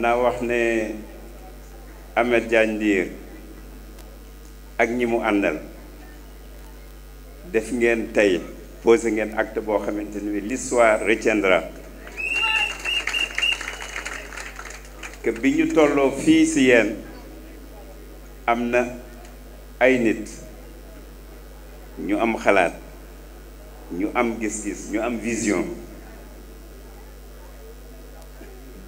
naa wax ne Amet Diagne ak ñi mu àndal def ngeen tey posé ngeen acte boo xamante ni bi l'histoire retiendra bi ñu tolloo fii si yéen am na ay nit ñu am xalaat ñu am gis-gis ñu am vision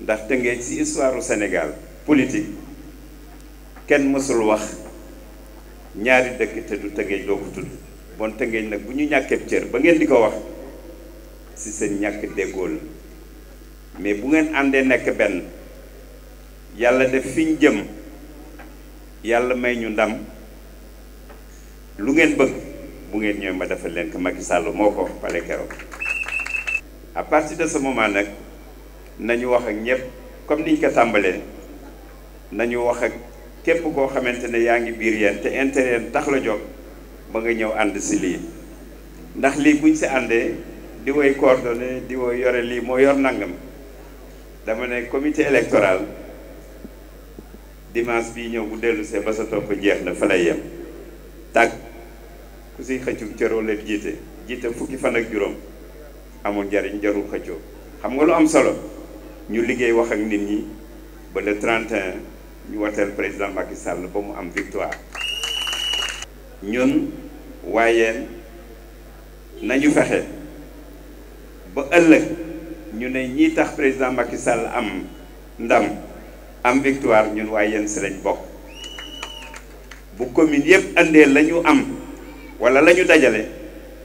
ndax Tëngéej ci histoire u Sénégal politique kenn mësul wax ñaari dëkk te du Tëngéej doo ko bon Tëngéej nag bu ñu ñàkkee cër ba ngeen di ko wax ci seen ñàkk déggoo la mais bu ngeen àndee nekk benn yàlla def fi jëm yàlla may ñu ndam lu ngeen bëgg bu ngeen ñëw ma defal leen ko Macky Sall moo ko wax pale keroog à partir de ce moment nag nañu wax ak ñëpp comme niñ ko tàmbalee nañu wax ak képp koo xamante ne yaa ngi biir yéen te intérêt tax la jóg ba nga ñëw ànd si lii ndax lii buñ si àndee di woy coordonné yore lii moo yor nangam dama ne comité électoral dimanche bii ñëw bu dellu see ba sa topp jeex na fa lay yem tàgg ku siy xëccug cëroo leen jiite jiite fukki fan ak juróom amul njariñ jarul xëccoo xam nga lu am solo ñu liggéey wax ak nit ñi ba le 31 ñu wateel président Macky Sall ba mu am victoire ñun waayeen nañu fexe ba ëllëg ñu ne ñii tax président Macky Sall am ndam am victoire ñun waayeen si lañ bokk bu commune yëpp andee lañu am wala lañu dajale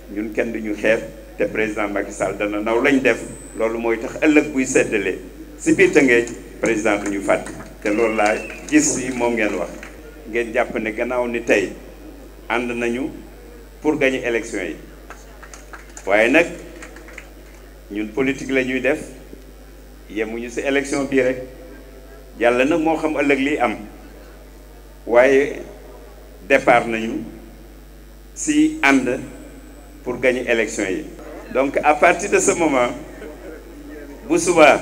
ñun kenn duñu xeet te président Macky Sall dana naw lañu def loolu mooy tax ëllëg buy seddalee si biir Tëngéej président ñu fatte te lool la gis yi moom ngeen wax ngeen japp ne gannaaw ni tay and nañu pour gagner élection yi waaye nak ñun politique lañuy def def ñu ci élection bi rek yalla nak mo xam ëlëk li am waaye départ nañu si and pour gagner élection yi donc à partir de ce moment bu subaa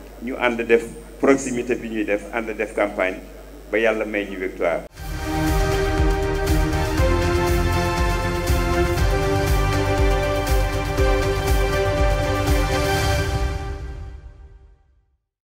ñu ànd def proximité bi ñuy def ànd def campagne ba yàlla may ñu victoire